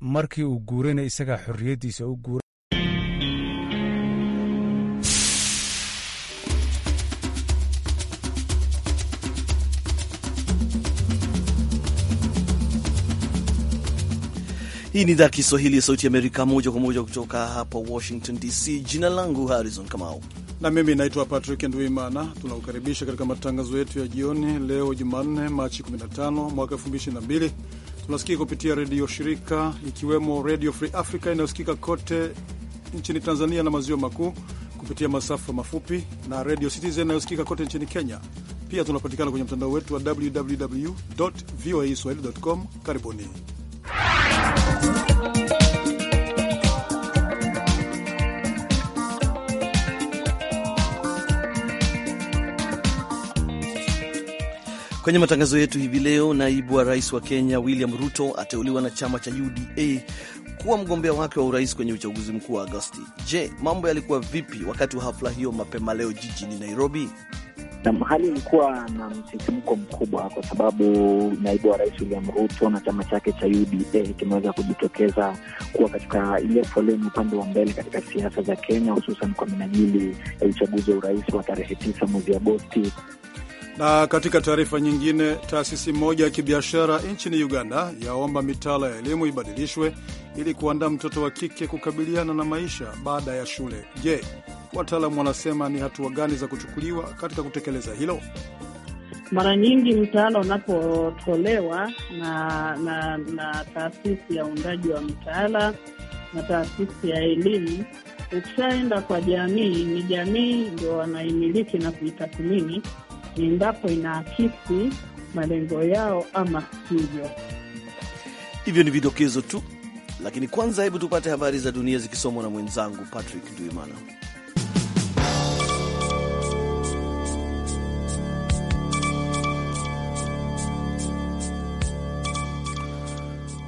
markii uu guurana isagaa xorriyaddiisa u guuray Hii ni idhaa Kiswahili ya Sauti Amerika, moja kwa moja kutoka hapa Washington DC. Jina langu Harrison Kamau na mimi naitwa Patrick Nduimana. Tunakukaribisha katika matangazo yetu ya jioni leo Jumanne, Machi 15 mwaka 2022 Tunasikika kupitia redio shirika ikiwemo Redio Free Africa inayosikika kote nchini Tanzania na maziwa makuu kupitia masafa mafupi na Redio Citizen inayosikika kote nchini Kenya. Pia tunapatikana kwenye mtandao wetu wa www voa swahili com. Karibuni. Kwenye matangazo yetu hivi leo, naibu wa rais wa Kenya William Ruto ateuliwa na chama cha UDA kuwa mgombea wake wa urais kwenye uchaguzi mkuu wa Agosti. Je, mambo yalikuwa vipi wakati wa hafla hiyo mapema leo jijini Nairobi? Na hali ilikuwa na msisimko mkubwa kwa sababu naibu wa rais William Ruto na chama chake cha UDA kimeweza kujitokeza kuwa katika ile foleni upande wa mbele katika siasa za Kenya, hususan kwa minajili ya uchaguzi wa urais wa tarehe tisa mwezi Agosti. Na katika taarifa nyingine, taasisi moja ya kibiashara nchini Uganda yaomba mitaala ya elimu ibadilishwe ili kuandaa mtoto wa kike kukabiliana na maisha baada ya shule. Je, wataalamu wanasema ni hatua gani za kuchukuliwa katika kutekeleza hilo? Mara nyingi mtaala unapotolewa na, na, na taasisi ya uundaji wa mtaala na taasisi ya elimu, ukishaenda kwa jamii, ni jamii ndio wanaimiliki na kuitathmini endapo inaakisi malengo yao ama sivyo. Hivyo ni vidokezo tu, lakini kwanza, hebu tupate habari za dunia zikisomwa na mwenzangu Patrick Duimana.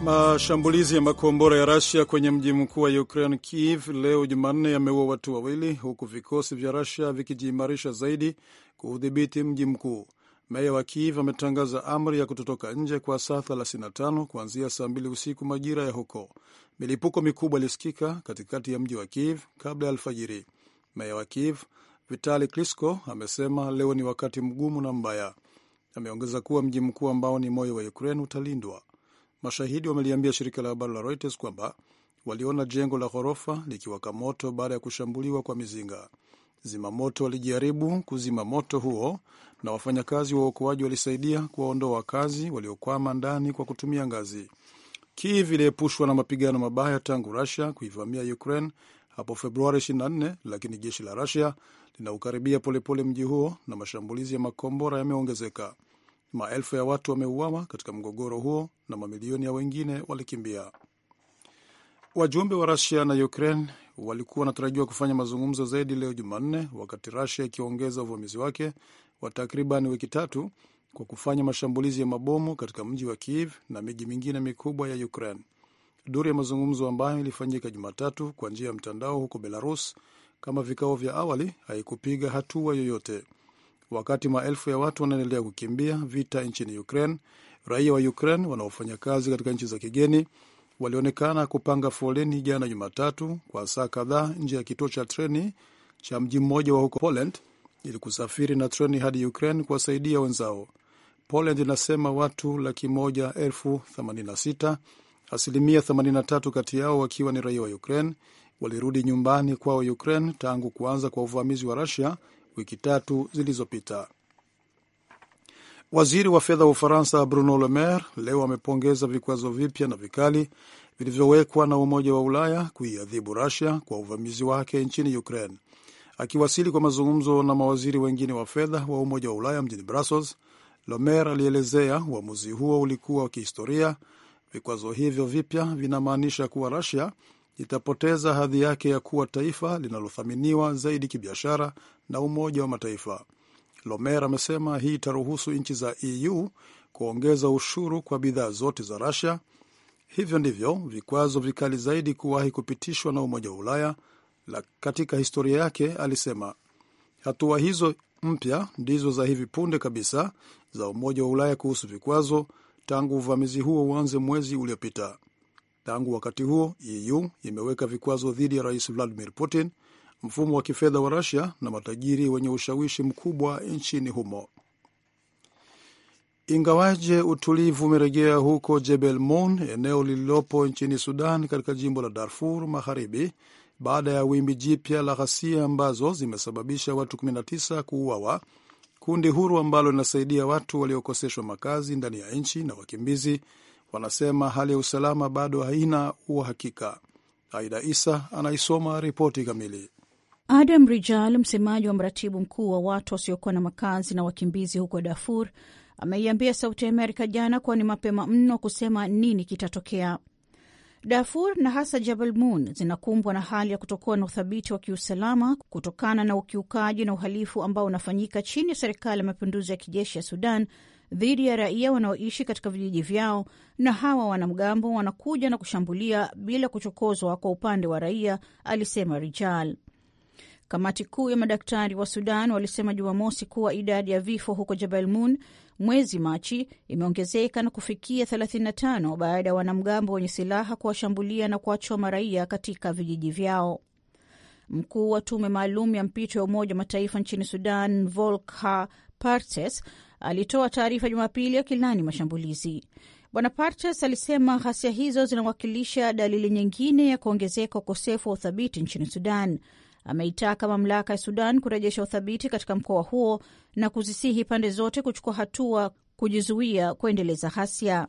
Mashambulizi ya makombora ya Rasia kwenye mji mkuu wa Ukraine, Kiev, leo Jumanne, yameua watu wawili huku vikosi vya Rasia vikijiimarisha zaidi kuudhibiti mji mkuu. Meya wa Kiev ametangaza amri ya kutotoka nje kwa saa 35 kuanzia saa 2 usiku majira ya huko. Milipuko mikubwa ilisikika katikati ya mji wa Kiev kabla ya alfajiri. Meya wa Kiev Vitali Klitschko amesema leo ni wakati mgumu na mbaya. Ameongeza kuwa mji mkuu ambao ni moyo wa Ukraine utalindwa. Mashahidi wameliambia shirika la habari la Reuters kwamba waliona jengo la ghorofa likiwaka moto baada ya kushambuliwa kwa mizinga. Zimamoto walijaribu kuzima moto huo na wafanyakazi wa uokoaji walisaidia kuwaondoa wakazi waliokwama ndani kwa kutumia ngazi. Kiev iliepushwa na mapigano mabaya tangu Rusia kuivamia Ukraine hapo Februari 24, lakini jeshi la Rusia linaukaribia polepole mji huo na mashambulizi ya makombora yameongezeka. Maelfu ya watu wameuawa katika mgogoro huo na mamilioni ya wengine walikimbia. Wajumbe wa Rusia na Ukraine walikuwa wanatarajiwa kufanya mazungumzo zaidi leo Jumanne, wakati rasia ikiongeza uvamizi wake wa takriban wiki tatu kwa kufanya mashambulizi ya mabomu katika mji wa Kiev na miji mingine mikubwa ya Ukraine. Duru ya mazungumzo ambayo ilifanyika Jumatatu kwa njia ya mtandao huko Belarus kama vikao vya awali haikupiga hatua yoyote. Wakati maelfu ya watu wanaendelea kukimbia vita nchini Ukraine, raia wa Ukraine wanaofanya kazi katika nchi za kigeni walionekana kupanga foleni jana Jumatatu kwa saa kadhaa nje ya kituo cha treni cha mji mmoja wa huko Poland ili kusafiri na treni hadi Ukraine kuwasaidia wenzao. Poland inasema watu laki moja elfu themanini na sita, asilimia 83 kati yao wakiwa ni raia wa Ukraine walirudi nyumbani kwao Ukraine tangu kuanza kwa uvamizi wa Rusia wiki tatu zilizopita. Waziri wa fedha wa Ufaransa Bruno Le Maire leo amepongeza vikwazo vipya na vikali vilivyowekwa na Umoja wa Ulaya kuiadhibu Rusia kwa uvamizi wake nchini Ukraine. Akiwasili kwa mazungumzo na mawaziri wengine wa fedha wa Umoja wa Ulaya mjini Brussels, Le Maire alielezea uamuzi huo ulikuwa wa kihistoria. Vikwazo hivyo vipya vinamaanisha kuwa Rusia itapoteza hadhi yake ya kuwa taifa linalothaminiwa zaidi kibiashara na Umoja wa Mataifa. Lomer amesema hii itaruhusu nchi za EU kuongeza ushuru kwa bidhaa zote za rasia Hivyo ndivyo vikwazo vikali zaidi kuwahi kupitishwa na Umoja wa Ulaya la katika historia yake, alisema. Hatua hizo mpya ndizo za hivi punde kabisa za Umoja wa Ulaya kuhusu vikwazo tangu uvamizi huo uanze mwezi uliopita. Tangu wakati huo, EU imeweka vikwazo dhidi ya Rais Vladimir Putin mfumo wa kifedha wa Rusia na matajiri wenye ushawishi mkubwa nchini humo. Ingawaje utulivu umerejea huko Jebel Moon, eneo lililopo nchini Sudan katika jimbo la Darfur Magharibi, baada ya wimbi jipya la ghasia ambazo zimesababisha watu 19 kuuawa, kundi huru ambalo linasaidia watu waliokoseshwa makazi ndani ya nchi na wakimbizi wanasema hali ya usalama bado haina uhakika. Aida Isa anaisoma ripoti kamili. Adam Rijal, msemaji wa mratibu mkuu wa watu wasiokuwa na makazi na wakimbizi huko Darfur, ameiambia Sauti ya Amerika jana kuwa ni mapema mno kusema nini kitatokea. Darfur na hasa Jabal Moon zinakumbwa na hali ya kutokuwa na uthabiti wa kiusalama kutokana na ukiukaji na uhalifu ambao unafanyika chini ya serikali ya mapinduzi ya kijeshi ya Sudan dhidi ya raia wanaoishi katika vijiji vyao, na hawa wanamgambo wanakuja na kushambulia bila kuchokozwa kwa upande wa raia, alisema Rijal. Kamati kuu ya madaktari wa Sudan walisema Jumamosi kuwa idadi ya vifo huko Jabal Moon mwezi Machi imeongezeka na kufikia 35 baada ya wanamgambo wenye silaha kuwashambulia na kuwachoma raia katika vijiji vyao. Mkuu wa tume maalum ya mpito ya Umoja wa Mataifa nchini Sudan, Volker Perthes, alitoa taarifa Jumapili akilani mashambulizi. Bwana Perthes alisema ghasia hizo zinawakilisha dalili nyingine ya kuongezeka ukosefu wa uthabiti nchini Sudan ameitaka mamlaka ya Sudan kurejesha uthabiti katika mkoa huo na kuzisihi pande zote kuchukua hatua kujizuia kuendeleza ghasia.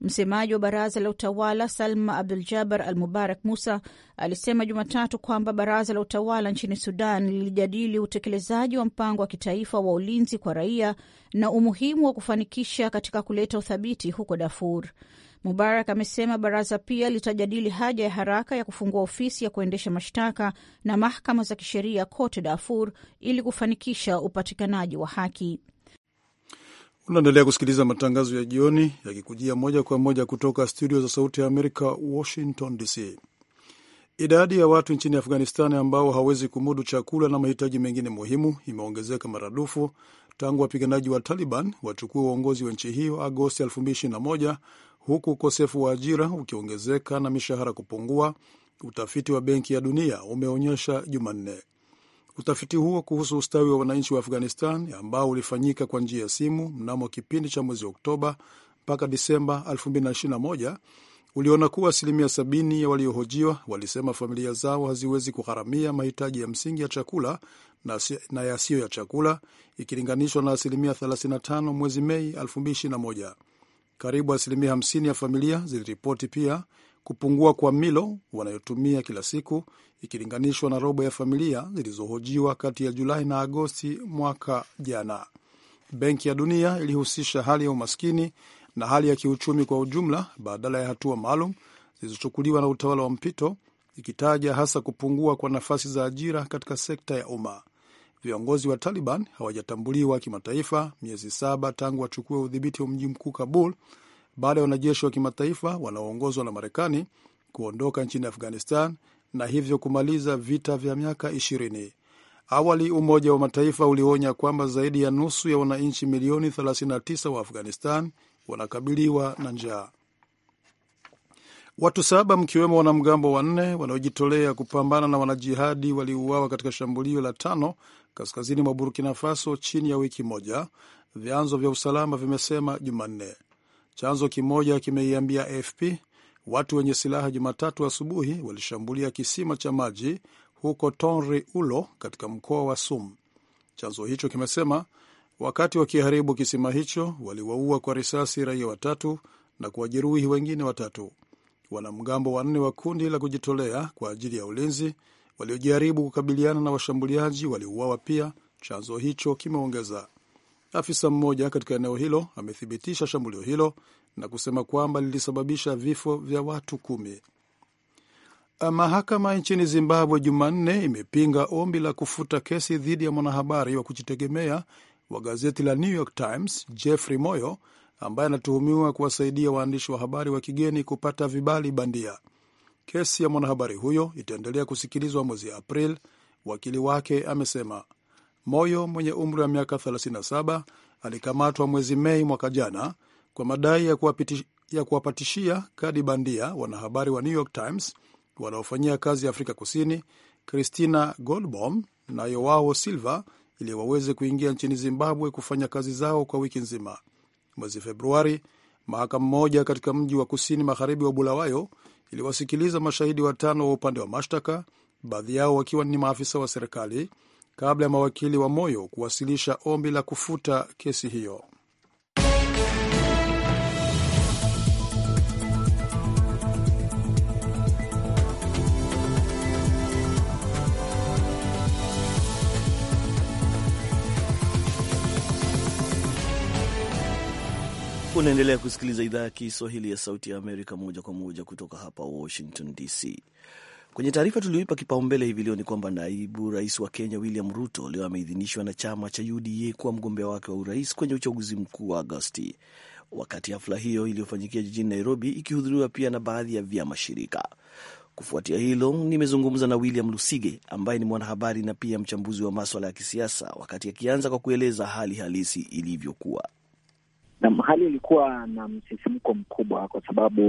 Msemaji wa baraza la utawala Salma Abdul Jabar Al Mubarak Musa alisema Jumatatu kwamba baraza la utawala nchini Sudan lilijadili utekelezaji wa mpango wa kitaifa wa ulinzi kwa raia na umuhimu wa kufanikisha katika kuleta uthabiti huko Darfur. Mubarak amesema baraza pia litajadili haja ya haraka ya kufungua ofisi ya kuendesha mashtaka na mahakama za kisheria kote Darfur ili kufanikisha upatikanaji wa haki. Unaendelea kusikiliza matangazo ya jioni yakikujia moja kwa moja kutoka studio za Sauti ya Amerika, Washington DC. Idadi ya watu nchini Afghanistan ambao hawezi kumudu chakula na mahitaji mengine muhimu imeongezeka maradufu tangu wapiganaji wa Taliban wachukua uongozi wa nchi hiyo Agosti 2021 huku ukosefu wa ajira ukiongezeka na mishahara kupungua, utafiti wa Benki ya Dunia umeonyesha Jumanne. Utafiti huo kuhusu ustawi wa wananchi wa Afghanistan ambao ulifanyika kwa njia ya simu mnamo kipindi cha mwezi Oktoba mpaka Disemba 2021 uliona kuwa asilimia 70 ya waliohojiwa walisema familia zao haziwezi kugharamia mahitaji ya msingi ya chakula na yasiyo ya chakula ikilinganishwa na asilimia 35 mwezi Mei 2021. Karibu asilimia hs0 ya familia ziliripoti pia kupungua kwa milo wanayotumia kila siku ikilinganishwa na robo ya familia zilizohojiwa kati ya Julai na Agosti mwaka jana. Benki ya Dunia ilihusisha hali ya umaskini na hali ya kiuchumi kwa ujumla badala ya hatua maalum zilizochukuliwa na utawala wa mpito, ikitaja hasa kupungua kwa nafasi za ajira katika sekta ya umma viongozi wa Taliban hawajatambuliwa kimataifa miezi saba tangu wachukue udhibiti wa mji mkuu Kabul baada ya wanajeshi wa kimataifa wanaoongozwa na Marekani kuondoka nchini Afghanistan na hivyo kumaliza vita vya miaka ishirini. Awali Umoja wa Mataifa ulionya kwamba zaidi ya nusu ya wananchi milioni 39 wa Afghanistan wanakabiliwa na njaa. Watu saba mkiwemo wanamgambo wanne wanaojitolea kupambana na wanajihadi waliuawa katika shambulio la tano kaskazini mwa Burkina Faso chini ya wiki moja, vyanzo vya usalama vimesema Jumanne. Chanzo kimoja kimeiambia AFP watu wenye silaha Jumatatu asubuhi wa walishambulia kisima cha maji huko Tonri Ulo katika mkoa wa Sum. Chanzo hicho kimesema wakati wakiharibu kisima hicho waliwaua kwa risasi raia watatu na kuwajeruhi wengine watatu. Wanamgambo wanne wa kundi la kujitolea kwa ajili ya ulinzi waliojaribu kukabiliana na washambuliaji waliuawa pia, chanzo hicho kimeongeza. Afisa mmoja katika eneo hilo amethibitisha shambulio hilo na kusema kwamba lilisababisha vifo vya watu kumi. Mahakama nchini Zimbabwe Jumanne imepinga ombi la kufuta kesi dhidi ya mwanahabari wa kujitegemea wa gazeti la New York Times Jeffrey Moyo ambaye anatuhumiwa kuwasaidia waandishi wa habari wa kigeni kupata vibali bandia. Kesi ya mwanahabari huyo itaendelea kusikilizwa mwezi April, wakili wake amesema. Moyo mwenye umri wa miaka 37 alikamatwa mwezi Mei mwaka jana kwa madai ya kuwapatishia kadi bandia wanahabari wa New York Times wanaofanyia kazi ya Afrika Kusini, Christina Goldbaum na Yoao Silva, ili waweze kuingia nchini Zimbabwe kufanya kazi zao kwa wiki nzima. Mwezi Februari, mahakama moja katika mji wa kusini magharibi wa Bulawayo iliwasikiliza mashahidi watano wa upande wa mashtaka, baadhi yao wakiwa ni maafisa wa serikali kabla ya mawakili wa Moyo kuwasilisha ombi la kufuta kesi hiyo. Unaendelea kusikiliza idhaa ya Kiswahili ya Sauti ya Amerika moja kwa moja kutoka hapa Washington DC. Kwenye taarifa tulioipa kipaumbele hivi leo ni kwamba naibu rais wa Kenya William Ruto leo ameidhinishwa na chama cha UDA kuwa mgombea wake wa urais kwenye uchaguzi mkuu wa Agosti, wakati hafla hiyo iliyofanyikia jijini Nairobi ikihudhuriwa pia na baadhi ya vyama shirika. Kufuatia hilo, nimezungumza na William Lusige ambaye ni mwanahabari na pia mchambuzi wa maswala ya kisiasa, wakati akianza kwa kueleza hali halisi ilivyokuwa. Nam, hali ilikuwa na msisimko mkubwa kwa sababu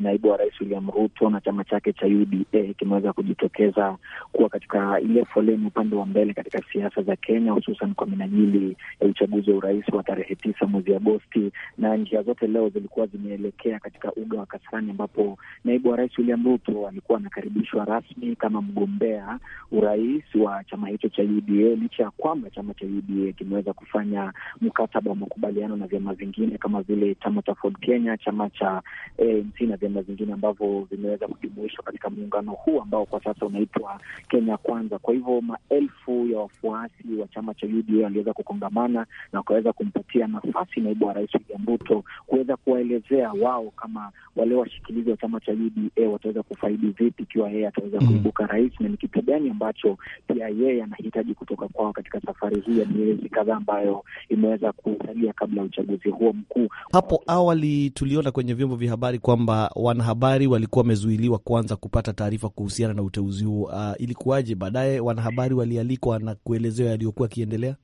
naibu wa rais William Ruto na chama chake cha UDA kimeweza kujitokeza kuwa katika ile foleni upande wa mbele katika siasa za Kenya, hususan kwa minajili ya uchaguzi wa urais wa tarehe tisa mwezi Agosti, na njia zote leo zilikuwa zimeelekea katika uga wa Kasarani ambapo naibu wa rais William Ruto alikuwa anakaribishwa rasmi kama mgombea urais wa chama hicho cha UDA licha ya kwamba chama cha UDA kimeweza kufanya mkataba wa makubaliano na vyama vingi zingine kama vile chama cha Ford Kenya, chama cha ANC eh, na vyama vingine ambavyo vimeweza kujumuishwa katika muungano huu ambao kwa sasa unaitwa Kenya Kwanza. Kwa hivyo maelfu ya wafuasi wa chama cha UDA waliweza kukongamana na wakaweza kumpatia nafasi naibu wa rais William Ruto kuweza kuwaelezea wao kama wale washikilizi wa chama cha UDA wataweza kufaidi vipi ikiwa yeye ataweza mm kuibuka rais, na ni kitu gani ambacho pia yeye anahitaji kutoka kwao katika safari hii ya miezi kadhaa ambayo imeweza kusalia kabla ya uchaguzi huu kuwa mkuu. Hapo awali tuliona kwenye vyombo vya habari kwamba wanahabari walikuwa wamezuiliwa kwanza kupata taarifa kuhusiana na uteuzi huo. Uh, ilikuwaje baadaye wanahabari walialikwa na kuelezewa yaliyokuwa yakiendelea?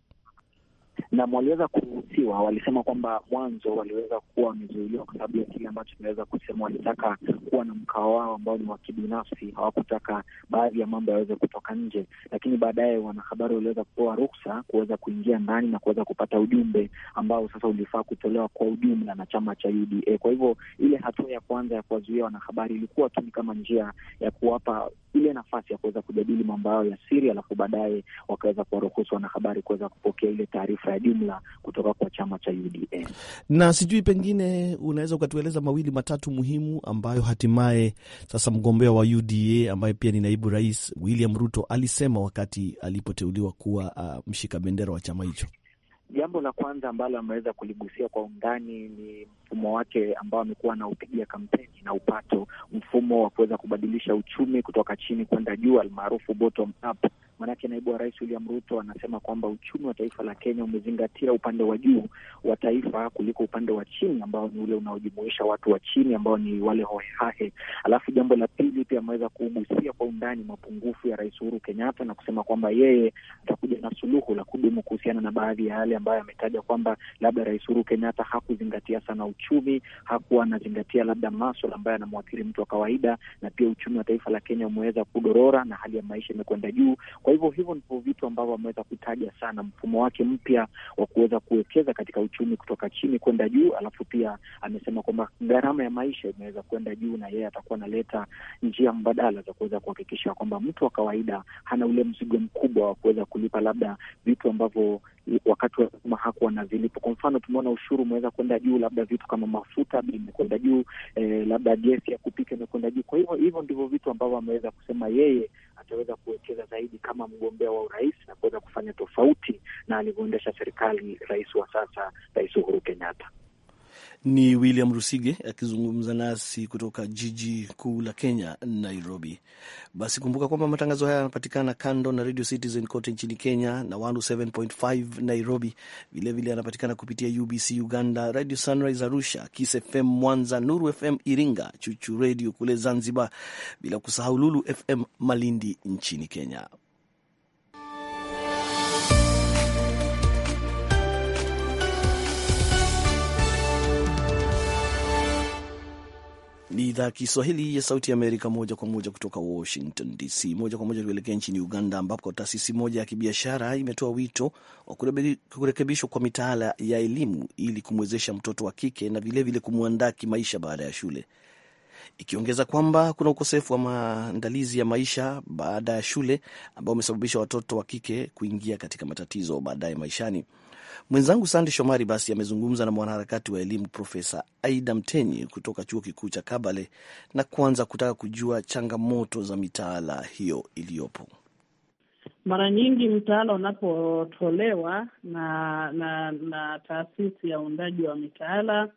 na waliweza kuruhusiwa. Walisema kwamba mwanzo waliweza kuwa wamezuiliwa kwa sababu ya kile ambacho tunaweza kusema, walitaka kuwa na mkao wao ambao ni wa kibinafsi, hawakutaka baadhi ya mambo yaweze kutoka nje, lakini baadaye wanahabari waliweza kupewa ruksa kuweza kuingia ndani na kuweza kupata ujumbe ambao sasa ulifaa kutolewa kwa ujumla na chama cha UDA. Kwa hivyo ile hatua ya kwanza ya kuwazuia wanahabari ilikuwa tu ni kama njia ya kuwapa ile nafasi ya kuweza kujadili mambo yao ya siri, alafu baadaye wakaweza kuwaruhusu wanahabari kuweza kupokea ile taarifa ya jumla kutoka kwa chama cha UDA. Na sijui pengine unaweza ukatueleza mawili matatu muhimu ambayo hatimaye sasa mgombea wa UDA ambaye pia ni naibu rais William Ruto alisema wakati alipoteuliwa kuwa uh, mshika bendera wa chama hicho. Jambo la kwanza ambalo ameweza kuligusia kwa undani ni mfumo wake ambao amekuwa anaupigia kampeni na upato, mfumo wa kuweza kubadilisha uchumi kutoka chini kwenda juu almaarufu bottom up Maanake naibu wa rais William Ruto anasema kwamba uchumi wa taifa la Kenya umezingatia upande wa juu wa taifa kuliko upande wa chini ambao ni ule unaojumuisha watu wa chini ambao ni wale hohehahe. Alafu jambo la pili pia ameweza kugusia kwa undani mapungufu ya Rais Uhuru Kenyatta na kusema kwamba yeye atakuja na suluhu la kudumu kuhusiana na baadhi ya yale ambayo ametaja kwamba labda Rais Uhuru Kenyatta hakuzingatia sana uchumi, hakuwa anazingatia labda maswala ambayo anamwathiri mtu wa kawaida, na pia uchumi wa taifa la Kenya umeweza kudorora na hali ya maisha imekwenda juu kwa kwa hivyo hivyo ndivyo vitu ambavyo ameweza kutaja sana, mfumo wake mpya wa kuweza kuwekeza katika uchumi kutoka chini kwenda juu. Alafu pia amesema kwamba gharama ya maisha imeweza kwenda juu, na yeye atakuwa analeta njia mbadala za kuweza kuhakikisha kwamba mtu wa kawaida hana ule mzigo mkubwa wa kuweza kulipa labda vitu ambavyo wakati wa lazima hakuwa na vilipo. Kwa mfano, tumeona ushuru umeweza kwenda juu, labda vitu kama mafuta imekwenda juu, eh, labda gesi ya kupika imekwenda juu. Kwa hivyo hivyo ndivyo vitu ambavyo ameweza kusema yeye ataweza kuwekeza zaidi kama mgombea wa urais na kuweza kufanya tofauti na alivyoendesha serikali rais wa sasa, Rais Uhuru Kenyatta. Ni William Rusige akizungumza nasi kutoka jiji kuu la Kenya, Nairobi. Basi kumbuka kwamba matangazo haya yanapatikana kando na Radio Citizen kote nchini Kenya na 107.5 Nairobi. Vilevile yanapatikana kupitia UBC Uganda, Radio Sunrise Arusha, Kiss FM Mwanza, Nuru FM Iringa, Chuchu Radio kule Zanzibar, bila kusahau Lulu FM Malindi nchini Kenya. Ni idhaa ya Kiswahili ya Sauti ya Amerika, moja kwa moja kutoka Washington DC. Moja kwa moja tuelekea nchini Uganda, ambapo taasisi moja ya kibiashara imetoa wito wa kurekebishwa kwa mitaala ya elimu ili kumwezesha mtoto wa kike na vilevile kumwandaa kimaisha baada ya shule, ikiongeza kwamba kuna ukosefu wa maandalizi ya maisha baada ya shule ambao umesababisha watoto wa kike kuingia katika matatizo baadaye maishani. Mwenzangu Sande Shomari basi amezungumza na mwanaharakati wa elimu Profesa Aida mtenyi kutoka chuo kikuu cha Kabale na kuanza kutaka kujua changamoto za mitaala hiyo iliyopo. Mara nyingi mtaala unapotolewa na na na taasisi ya uundaji wa mitaala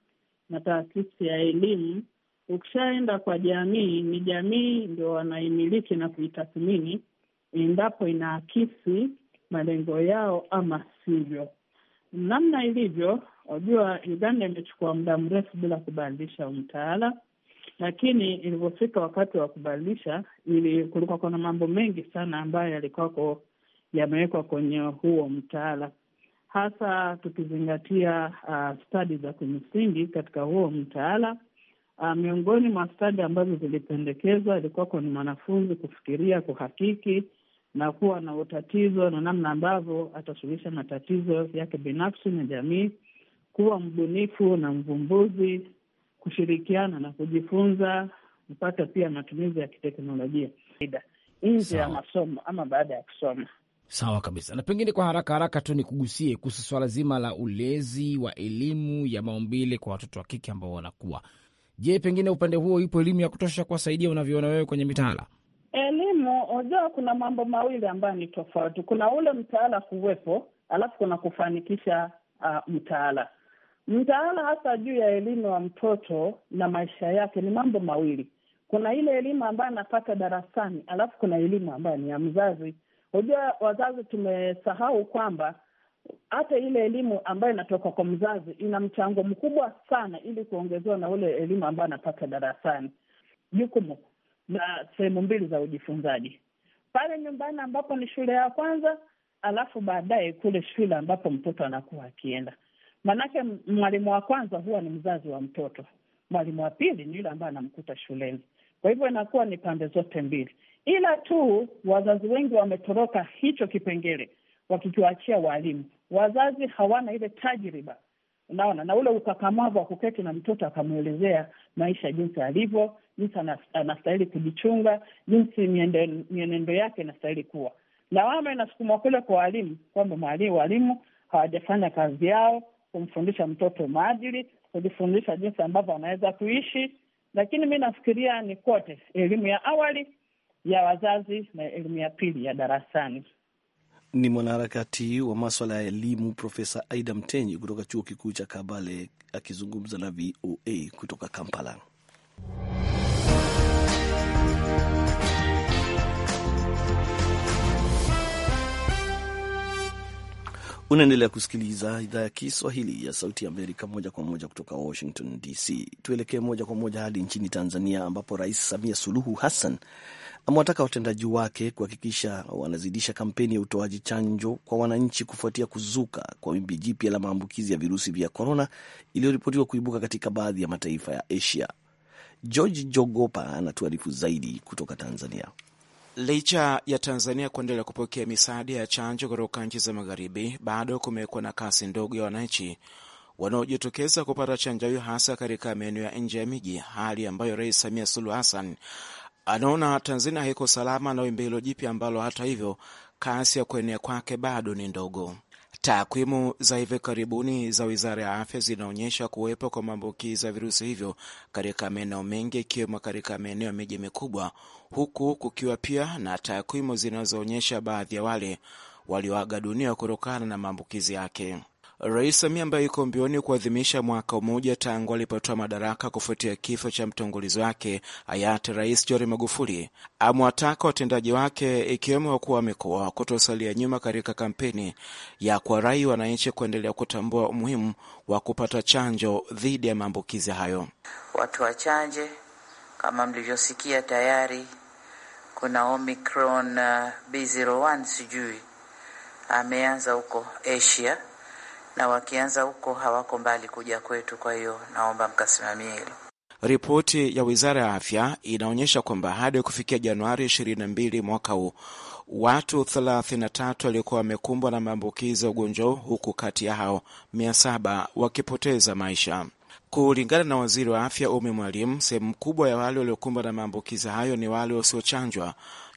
na taasisi ya elimu, ukishaenda kwa jamii, ni jamii ndio wanaimiliki na kuitathmini endapo inaakisi malengo yao ama sivyo namna ilivyo. Wajua, Uganda imechukua muda mrefu bila kubadilisha mtaala, lakini ilivyofika wakati wa kubadilisha, ili kulikuwa kuna mambo mengi sana ambayo yalikuwako yamewekwa kwenye huo mtaala, hasa tukizingatia uh, stadi za kimsingi katika huo mtaala. Uh, miongoni mwa stadi ambazo zilipendekezwa ilikuwako ni mwanafunzi kufikiria, kuhakiki na kuwa na utatizo na namna ambavyo atasuluhisha matatizo yake binafsi na jamii, kuwa mbunifu na mvumbuzi, kushirikiana na kujifunza, kupata pia matumizi ya kiteknolojia nje ya masomo ama baada ya kusoma. Sawa kabisa. Na pengine kwa haraka haraka tu nikugusie kuhusu swala zima la ulezi wa elimu ya maumbile kwa watoto wa kike ambao wanakuwa. Je, pengine upande huo ipo elimu ya kutosha kuwasaidia unavyoona wewe kwenye mitaala? elimu, unajua kuna mambo mawili ambayo ni tofauti. Kuna ule mtaala kuwepo, alafu kuna kufanikisha uh, mtaala. Mtaala hasa juu ya elimu ya mtoto na maisha yake ni mambo mawili. Kuna ile elimu ambayo anapata darasani, alafu kuna elimu ambayo ni ya mzazi. hujua wazazi tumesahau kwamba hata ile elimu ambayo inatoka kwa mzazi ina mchango mkubwa sana, ili kuongezewa na ule elimu ambayo anapata darasani. Jukumu na sehemu mbili za ujifunzaji, pale nyumbani ambapo ni shule ya kwanza, alafu baadaye kule shule ambapo mtoto anakuwa akienda. Maanake mwalimu wa kwanza huwa ni mzazi wa mtoto, mwalimu wa pili ni yule ambaye anamkuta shuleni. Kwa hivyo inakuwa ni pande zote mbili, ila tu wazazi wengi wametoroka hicho kipengele wakikiwachia walimu. Wazazi hawana ile tajriba Unaona, na ule ukakamavu wa kuketi na mtoto akamwelezea maisha jinsi alivyo, jinsi anastahili kujichunga, jinsi mienendo yake inastahili kuwa. Lawama inasukumwa kule kwa walimu, kwamba mwalimu, walimu hawajafanya kazi yao kumfundisha mtoto maadili, kujifundisha jinsi ambavyo anaweza kuishi. Lakini mi nafikiria ni kote, elimu ya awali, ya wazazi na elimu ya pili ya darasani ni mwanaharakati wa maswala ya elimu Profesa Aida Mtenyi kutoka chuo kikuu cha Kabale akizungumza na VOA kutoka Kampala. Unaendelea kusikiliza idhaa ya Kiswahili ya Sauti ya Amerika moja kwa moja kutoka Washington DC. Tuelekee moja kwa moja hadi nchini Tanzania, ambapo Rais Samia Suluhu Hassan amewataka watendaji wake kuhakikisha wanazidisha kampeni ya utoaji chanjo kwa wananchi kufuatia kuzuka kwa wimbi jipya la maambukizi ya virusi vya korona iliyoripotiwa kuibuka katika baadhi ya mataifa ya Asia. George Jogopa anatuarifu zaidi kutoka Tanzania. Licha ya Tanzania kuendelea kupokea misaada ya chanjo kutoka nchi za Magharibi, bado kumekuwa na kasi ndogo ya wananchi wanaojitokeza kupata chanjo hiyo, hasa katika maeneo ya nje ya miji, hali ambayo Rais Samia Suluhu Hassan anaona Tanzania haiko salama na wimbi hilo jipya ambalo hata hivyo kasi ya kuenea kwake bado ni ndogo. Takwimu za hivi karibuni za wizara ya afya zinaonyesha kuwepo kwa maambukizi ya virusi hivyo katika maeneo mengi ikiwemo katika maeneo ya miji mikubwa, huku kukiwa pia na takwimu zinazoonyesha baadhi ya wale walioaga dunia kutokana na maambukizi yake. Rais Samia ambaye yuko mbioni kuadhimisha mwaka mmoja tangu alipotoa madaraka kufuatia kifo cha mtangulizi wake hayati Rais John Magufuli amewataka watendaji wake ikiwemo wakuu wa mikoa kutosalia nyuma katika kampeni ya kuwarai wananchi kuendelea kutambua umuhimu wa kupata chanjo dhidi ya maambukizi hayo. Watu wachanje, kama mlivyosikia tayari kuna Omicron uh, B01 sijui ameanza huko Asia na wakianza huko hawako mbali kuja kwetu. Kwa hiyo naomba mkasimamie hilo. Ripoti ya Wizara ya Afya inaonyesha kwamba hadi kufikia Januari 22 mwaka huu watu 33 waliokuwa wamekumbwa na maambukizi ya ugonjwa huku kati ya hao 700 wakipoteza maisha. Kulingana na waziri wa afya Umi Mwalimu, sehemu kubwa ya wale waliokumbwa na maambukizi hayo ni wale wasiochanjwa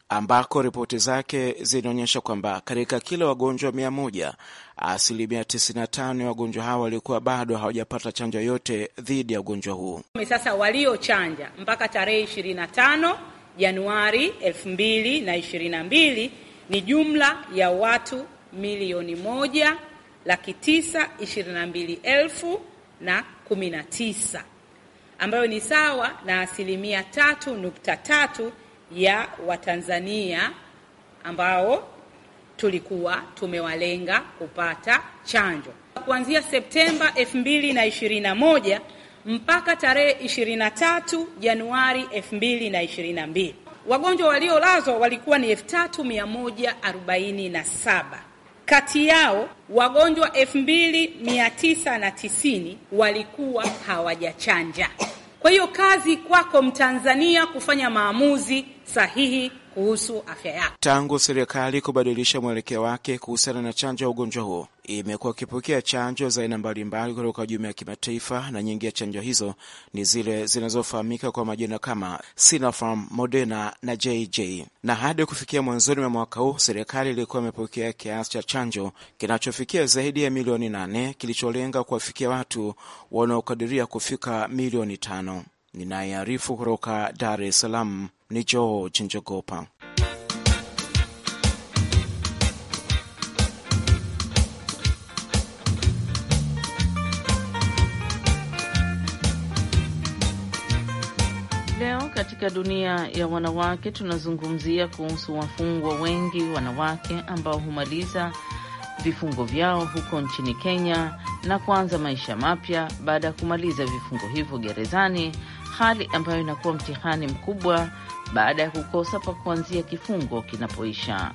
ambako ripoti zake zinaonyesha kwamba katika kila wagonjwa mia moja asilimia 95 ya wagonjwa hao walikuwa bado hawajapata chanjo yote dhidi ya ugonjwa huu. Sasa waliochanja mpaka tarehe 25 Januari 2022 ni jumla ya watu milioni moja laki tisa ishirini na mbili elfu na kumi na tisa ambayo ni sawa na asilimia tatu nukta tatu ya Watanzania ambao tulikuwa tumewalenga kupata chanjo kuanzia Septemba 2021 mpaka tarehe 23 Januari 2022. Wagonjwa waliolazwa walikuwa ni 3147. Kati yao wagonjwa 2990 walikuwa hawajachanja. Kwa hiyo kazi kwako Mtanzania kufanya maamuzi sahihi kuhusu afya yako. Tangu serikali kubadilisha mwelekeo wake kuhusiana na chanjo ya ugonjwa huo, imekuwa ikipokea chanjo za aina mbalimbali kutoka jumuiya ya kimataifa, na nyingi ya chanjo hizo ni zile zinazofahamika kwa majina kama Sinopharm, Moderna na JJ. Na hadi kufikia mwanzoni mwa mwaka huu, serikali ilikuwa imepokea kiasi cha chanjo kinachofikia zaidi ya milioni nane kilicholenga kuwafikia watu wanaokadiria kufika milioni tano. Ninayearifu kutoka Dar es Salaam ni George Njogopa. Leo katika dunia ya wanawake tunazungumzia kuhusu wafungwa wengi wanawake ambao humaliza vifungo vyao huko nchini Kenya na kuanza maisha mapya baada ya kumaliza vifungo hivyo gerezani hali ambayo inakuwa mtihani mkubwa baada ya kukosa pa kuanzia kifungo kinapoisha.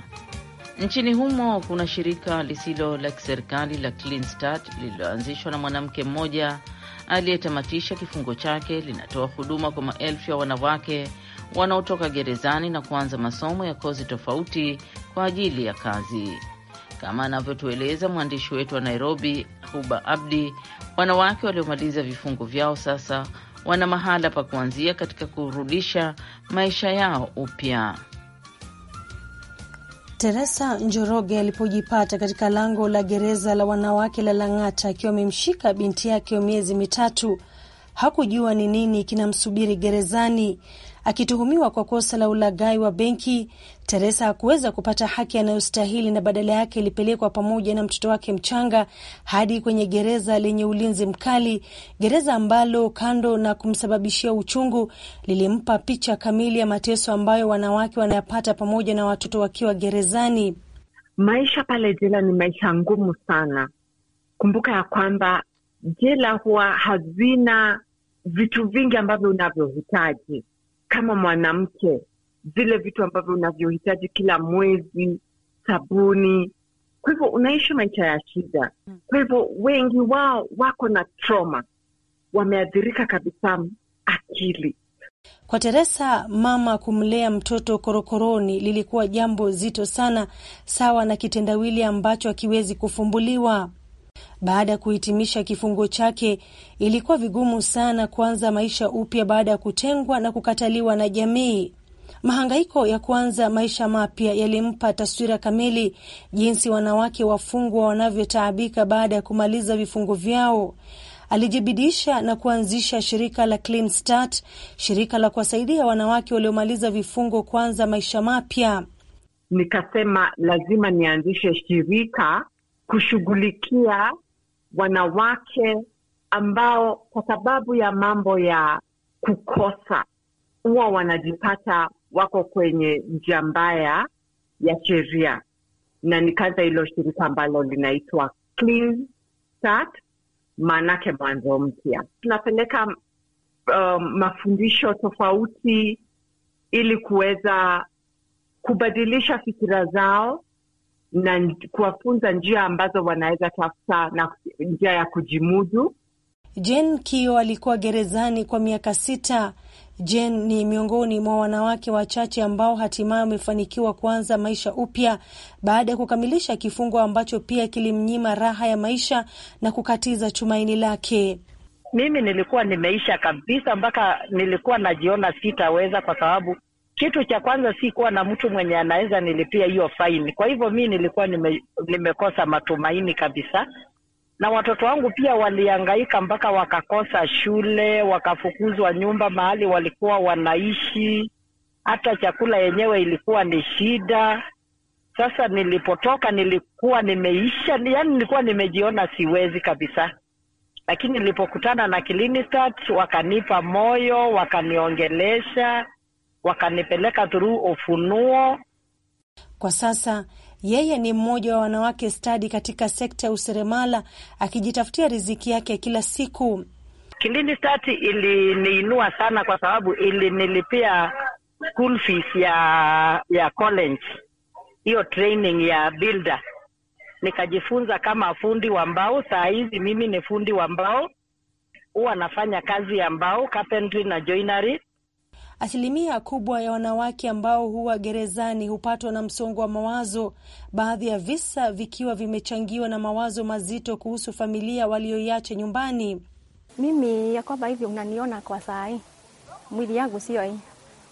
Nchini humo kuna shirika lisilo la kiserikali la Clean Start lililoanzishwa na mwanamke mmoja aliyetamatisha kifungo chake. Linatoa huduma kwa maelfu ya wanawake wanaotoka gerezani na kuanza masomo ya kozi tofauti kwa ajili ya kazi. Kama anavyotueleza mwandishi wetu wa Nairobi, Huba Abdi, wanawake waliomaliza vifungo vyao sasa wana mahala pa kuanzia katika kurudisha maisha yao upya. Teresa Njoroge alipojipata katika lango la gereza la wanawake la Lang'ata akiwa amemshika binti yake wa miezi mitatu, hakujua ni nini kinamsubiri gerezani, akituhumiwa kwa kosa la ulaghai wa benki. Teresa hakuweza kupata haki anayostahili na badala yake ilipelekwa pamoja na mtoto wake mchanga hadi kwenye gereza lenye ulinzi mkali, gereza ambalo kando na kumsababishia uchungu lilimpa picha kamili ya mateso ambayo wanawake wanayapata pamoja na watoto wakiwa gerezani. Maisha pale jela ni maisha ngumu sana. Kumbuka ya kwamba jela huwa hazina vitu vingi ambavyo unavyohitaji kama mwanamke, vile vitu ambavyo unavyohitaji kila mwezi, sabuni. Kwa hivyo unaishi maisha ya shida. Mm. Kwa hivyo wengi wao wako na troma wameathirika kabisa akili. Kwa Teresa, mama kumlea mtoto korokoroni lilikuwa jambo zito sana, sawa na kitendawili ambacho akiwezi kufumbuliwa. Baada ya kuhitimisha kifungo chake, ilikuwa vigumu sana kuanza maisha upya baada ya kutengwa na kukataliwa na jamii. Mahangaiko ya kuanza maisha mapya yalimpa taswira kamili jinsi wanawake wafungwa wanavyotaabika baada ya kumaliza vifungo vyao. Alijibidisha na kuanzisha shirika la Clean Start, shirika la kuwasaidia wanawake waliomaliza vifungo kuanza maisha mapya. Nikasema lazima nianzishe shirika kushughulikia wanawake ambao kwa sababu ya mambo ya kukosa huwa wanajipata wako kwenye njia mbaya ya sheria, na kaza hilo shirika ambalo linaitwa Clean Start, maanake mwanzo mpya. Tunapeleka um, mafundisho tofauti ili kuweza kubadilisha fikira zao na kuwafunza njia ambazo wanaweza tafuta na njia ya kujimudu. jen Kio alikuwa gerezani kwa miaka sita. jen ni miongoni mwa wanawake wachache ambao hatimaye wamefanikiwa kuanza maisha upya baada ya kukamilisha kifungo ambacho pia kilimnyima raha ya maisha na kukatiza tumaini lake. Mimi nilikuwa nimeisha kabisa, mpaka nilikuwa najiona sitaweza, kwa sababu kitu cha kwanza si kuwa na mtu mwenye anaweza nilipia hiyo faini. Kwa hivyo mi nilikuwa nime, nimekosa matumaini kabisa, na watoto wangu pia waliangaika mpaka wakakosa shule, wakafukuzwa nyumba mahali walikuwa wanaishi, hata chakula yenyewe ilikuwa ni shida. Sasa nilipotoka nilikuwa nimeisha, yani nilikuwa nimejiona siwezi kabisa, lakini nilipokutana na Kilinistat wakanipa moyo, wakaniongelesha wakanipeleka through Ufunuo. Kwa sasa yeye ni mmoja wa wanawake stadi katika sekta ya useremala, akijitafutia riziki yake kila siku. Kilindi Stati iliniinua sana, kwa sababu ilinilipia school fees ya ya college, hiyo training ya builder. Nikajifunza kama fundi wa mbao. Saa hizi mimi ni fundi wa mbao, huwa nafanya kazi ya mbao, carpentry na joinery Asilimia kubwa ya wanawake ambao huwa gerezani hupatwa na msongo wa mawazo, baadhi ya visa vikiwa vimechangiwa na mawazo mazito kuhusu familia walioiacha nyumbani. Mimi ya kwamba hivyo unaniona kwa saa hii, mwili yangu sio hii,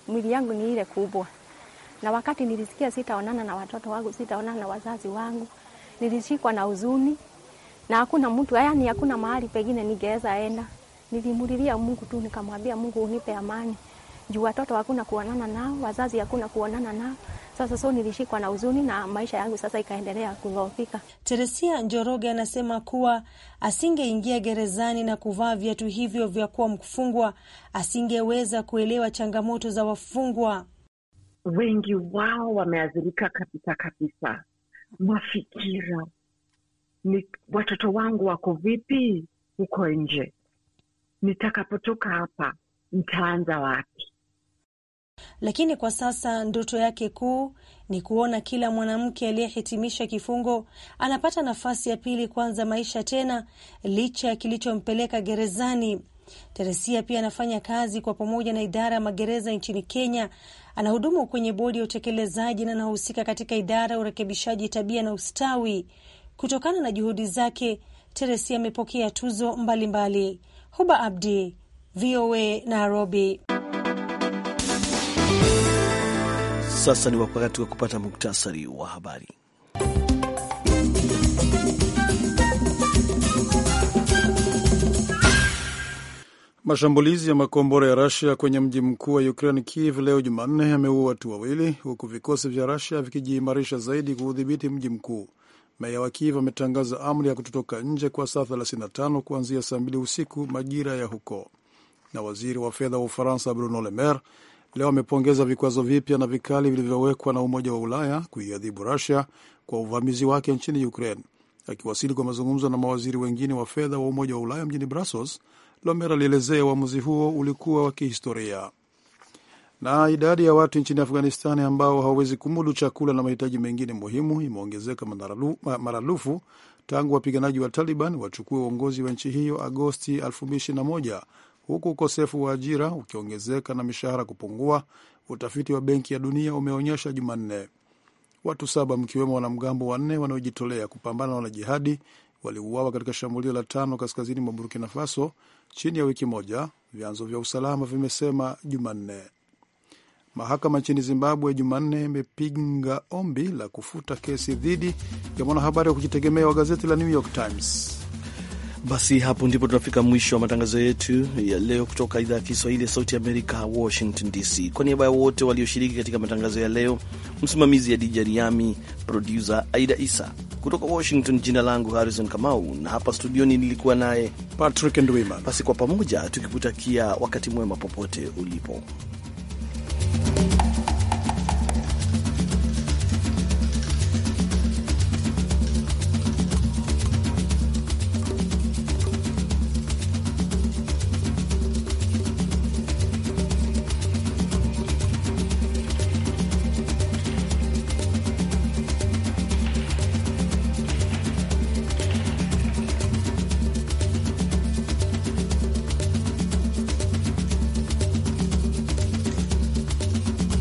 mwili yangu ni ile kubwa, na wakati nilisikia sitaonana na watoto wangu, sitaonana na wazazi wangu, nilishikwa na huzuni na hakuna mtu, yaani hakuna mahali pengine ningeweza enda. Nilimulilia Mungu tu nikamwambia Mungu unipe amani juu watoto hakuna kuonana nao, wazazi hakuna kuonana nao. Sasa so nilishikwa na huzuni na maisha yangu sasa ikaendelea kudhoofika. Teresia Njoroge anasema kuwa asingeingia gerezani na kuvaa viatu hivyo vya kuwa mfungwa, asingeweza kuelewa changamoto za wafungwa. Wengi wao wameathirika kabisa kabisa, mafikira ni watoto wangu wako vipi huko nje, nitakapotoka hapa nitaanza wapi? lakini kwa sasa ndoto yake kuu ni kuona kila mwanamke aliyehitimisha kifungo anapata nafasi ya pili kuanza maisha tena licha ya kilichompeleka gerezani. Teresia pia anafanya kazi kwa pamoja na idara ya magereza nchini Kenya. Anahudumu kwenye bodi ya utekelezaji na anahusika katika idara ya urekebishaji tabia na ustawi. Kutokana na juhudi zake, Teresia amepokea tuzo mbalimbali. Huba Abdi, VOA Nairobi. Sasa ni wakati wa kupata muktasari wa habari. Mashambulizi ya makombora ya Rusia kwenye mji mkuu wa Ukraine, Kiev, leo Jumanne yameua watu wawili, huku vikosi vya Rusia vikijiimarisha zaidi kuudhibiti mji mkuu. Meya wa Kiev ametangaza amri ya kutotoka nje kwa saa 35 kuanzia saa mbili usiku majira ya huko. Na waziri wa fedha wa Ufaransa Bruno Le Maire leo amepongeza vikwazo vipya na vikali vilivyowekwa na Umoja wa Ulaya kuiadhibu Rusia kwa uvamizi wake nchini Ukraine. Akiwasili kwa mazungumzo na mawaziri wengine wa fedha wa Umoja wa Ulaya mjini Brussels, Lomer alielezea uamuzi huo ulikuwa wa kihistoria. Na idadi ya watu nchini Afghanistani ambao hawawezi kumudu chakula na mahitaji mengine muhimu imeongezeka maralufu tangu wapiganaji wa Taliban wachukue uongozi wa nchi hiyo Agosti huku ukosefu wa ajira ukiongezeka na mishahara kupungua, utafiti wa Benki ya Dunia umeonyesha Jumanne. Watu saba mkiwemo wanamgambo wanne wanaojitolea kupambana na wanajihadi waliuawa katika shambulio la tano kaskazini mwa Burkina Faso chini ya wiki moja, vyanzo vya usalama vimesema Jumanne. Mahakama nchini Zimbabwe Jumanne imepinga ombi la kufuta kesi dhidi ya mwanahabari wa kujitegemea wa gazeti la New York Times. Basi hapo ndipo tunafika mwisho wa matangazo yetu ya leo kutoka idhaa ya Kiswahili ya Sauti Amerika, Washington DC. Kwa niaba ya wote walioshiriki katika matangazo ya leo, msimamizi ya Dija Riami, produsa Aida Isa kutoka Washington. Jina langu Harrison Kamau na hapa studioni nilikuwa naye Patrick Ndwima. Basi kwa pamoja tukikutakia wakati mwema popote ulipo.